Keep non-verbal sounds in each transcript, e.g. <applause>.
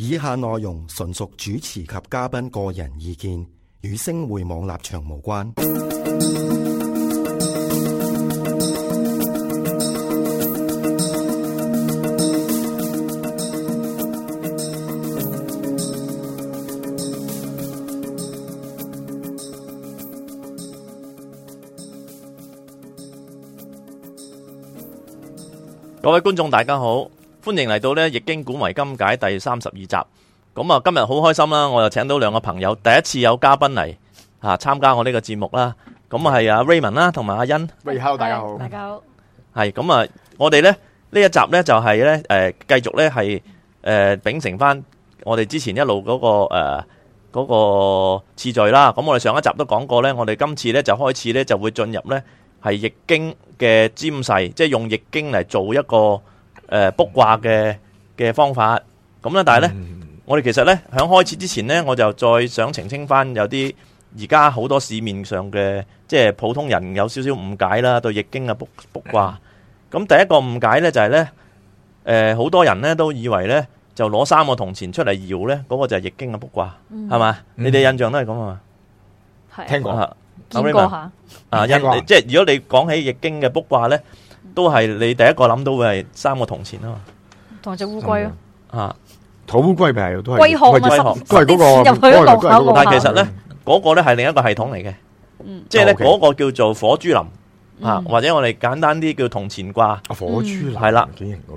以下內容純屬主持及嘉賓個人意見，與星匯網立場無關。各位觀眾，大家好。歡迎嚟到咧《易經古謎今解》第三十二集。咁啊，今日好開心啦！我又請到兩個朋友，第一次有嘉賓嚟吓參加我呢個節目啦。咁啊，係阿 Raymond 啦，同埋阿欣。Hello，大家好。大家好。係咁啊！我哋咧呢一集咧就係咧誒，繼續咧係誒秉承翻我哋之前一路嗰個誒嗰個次序啦。咁我哋上一集都講過咧，我哋今次咧就開始咧就會進入咧係易經嘅占筮，即係用易經嚟做一個。誒卜卦嘅嘅方法咁啦，但係咧，我哋其實咧喺開始之前咧，我就再想澄清翻有啲而家好多市面上嘅即係普通人有少少誤解啦，對易經嘅卜卜卦。咁第一個誤解咧就係咧，誒好多人咧都以為咧就攞三個銅錢出嚟搖咧，嗰個就係易經嘅卜卦，係嘛？你哋印象都係咁啊？係聽過啊？啊因即係如果你講起易經嘅卜卦咧。都係你第一個諗到係三個銅錢嘛，同啊嘛、嗯，同隻烏龜咯，吓土烏龜皮都係龜殼啊，都係嗰、嗰個入、嗰個、去一、嗰個籠、嗰個、但係其實咧，嗰、嗯、個咧係另一個系統嚟嘅，嗯、即係咧嗰個叫做火珠林啊，嗯、或者我哋簡單啲叫銅錢卦。火珠係啦，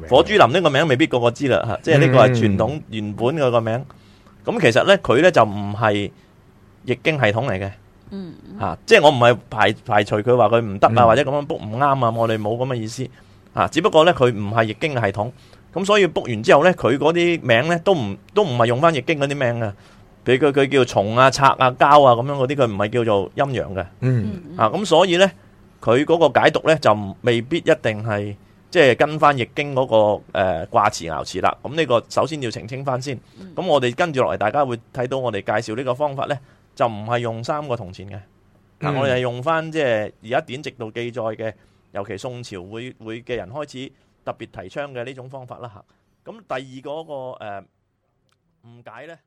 火珠林呢、嗯、個名未必個個知啦，即係呢個係傳統原本嘅個名。咁、嗯嗯、其實咧，佢咧就唔係易經系統嚟嘅。嗯，吓、 <noise> 啊，即係我唔係排排除佢話佢唔得啊、嗯，或者咁樣卜唔啱啊，我哋冇咁嘅意思啊，啊只不過咧佢唔係易經嘅系統，咁所以卜完之後咧，佢嗰啲名咧都唔都唔係用翻易經嗰啲名嘅，譬如佢佢叫重啊、拆啊、交啊咁樣嗰啲，佢唔係叫做陰陽嘅，嗯，啊，咁所以咧，佢嗰個解讀咧就未必一定係即係跟翻易經嗰、那個誒卦辭爻辭啦，咁、呃、呢個首先要澄清翻先，咁我哋跟住落嚟，大家會睇到我哋介紹呢個方法咧。就唔係用三個銅錢嘅，嗱，我哋係用翻即係而家典籍度記載嘅，尤其宋朝會會嘅人開始特別提倡嘅呢種方法啦嚇。咁第二嗰個誒、呃、誤解咧。